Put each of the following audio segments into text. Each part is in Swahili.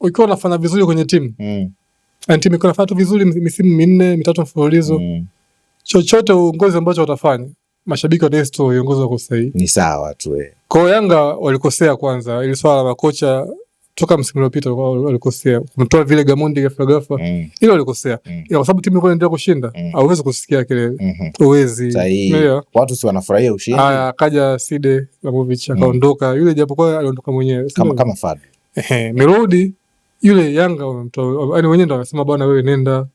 ukiwa unafanya vizuri kwenye timu mm. na timu ikiwa nafanya tu vizuri misimu minne mitatu mfululizo mm. chochote uongozi ambacho watafanya mashabiki wataisi tu uongozi wako sahihi, ni sawa tu. Eh. Kwao Yanga walikosea kwanza, ili swala la makocha toka msimu uliopita walikosea kumtoa vile Gamondi ghafla ghafla mm. ilo walikosea mm. kwa sababu timu ilikuwa inaendelea kushinda mm. auwezi kusikia kelele mm -hmm. uwezi Sahi. watu si wanafurahia ushindi. Haya, akaja Side Lamovich mm. akaondoka mm. yule japokuwa aliondoka mwenyewe kama, kama Fadlu ehe, Melodi yule Yanga wamemtoa, yani wenyewe ndo wanasema bwana, wewe nenda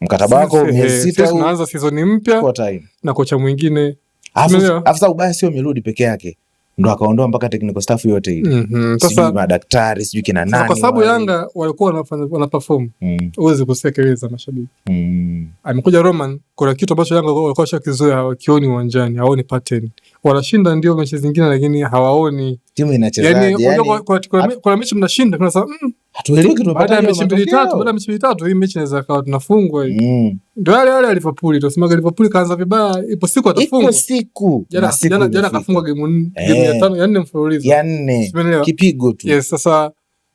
mkataba wako miezi sita, tunaanza sizoni mpya na kocha mwingine. Afisa ubaya sio Mirudi peke yake ndo akaondoa mpaka technical staff yote ile mm -hmm. Sijui madaktari sijui kina nani, kwa sababu Yanga walikuwa wanafanya wanaperform, mm. huwezi kusekeleza mashabiki mm. Amekuja Roman, kuna kitu ambacho Yanga walikuwa washakizoea hawakioni uwanjani, hawaoni pattern. Wanashinda ndio mechi zingine, lakini hawaoni timu inachezaje. Yani yaani, kuna mechi mnashinda, kuna sasa mm. hatuelewi kitu. Baada ya mechi mbili tatu, baada ya mechi mbili tatu, hii mechi inaweza kawa tunafungwa hii. Mm. Ndio yale yale Liverpool, tunasema Liverpool kaanza vibaya, ipo siku atafungwa, ipo siku jana jana jana kafungwa game eh. game ya tano ya nne mfululizo ya nne, kipigo tu. Yes, sasa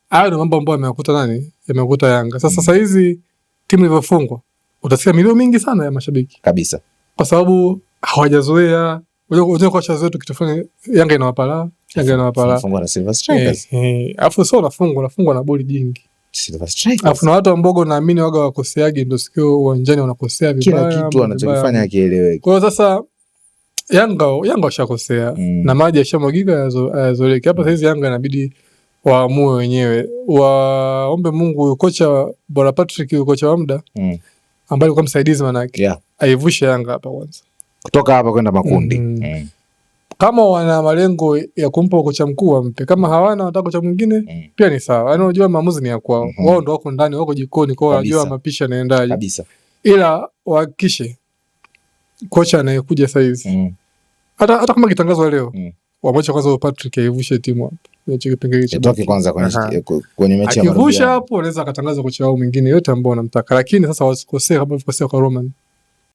hayo ndio mambo ambayo nani, ameyakuta Yanga. Sasa mm. sasa hizi timu ilivyofungwa utasikia milio mingi sana ya mashabiki kabisa, kwa sababu hawajazoea shazoea. Yanga inawapala Yanga inawapala, eh, eh. sio na boli jingi afu na watu ambogo naamini waga wakoseagi, ndo sikio uwanjani wanakosea vibaya, kila kitu akieleweki. Kwa hiyo sasa Yanga Yanga washakosea mm. na maji yashamwagika yazoleki hapa saizi. Yanga inabidi waamue wenyewe, waombe Mungu kocha bora Patrick, kocha wa muda mm ambaye alikuwa msaidizi manake yeah. Aivushe Yanga hapa kwanza kutoka hapa kwenda makundi mm. Mm. Kama wana malengo ya kumpa kocha mkuu wampe, kama hawana wanataka kocha mwingine mm. pia ni sawa, yaani unajua maamuzi ni ya kwao mm -hmm. Wao ndo wako ndani, wako jikoni kwao, wanajua mapishi yanaendaje kabisa, ila wahakikishe kocha anayekuja saizi mm. hata kama kitangazwa leo mm. wamwache kwanza Patrick aivushe timu hapa itoke kwanza kwenye mechi ya akivusha hapo, anaweza akatangaza kocha wao mwingine yote ambao wanamtaka, lakini sasa wasikosee kama walikosea kwa Roman.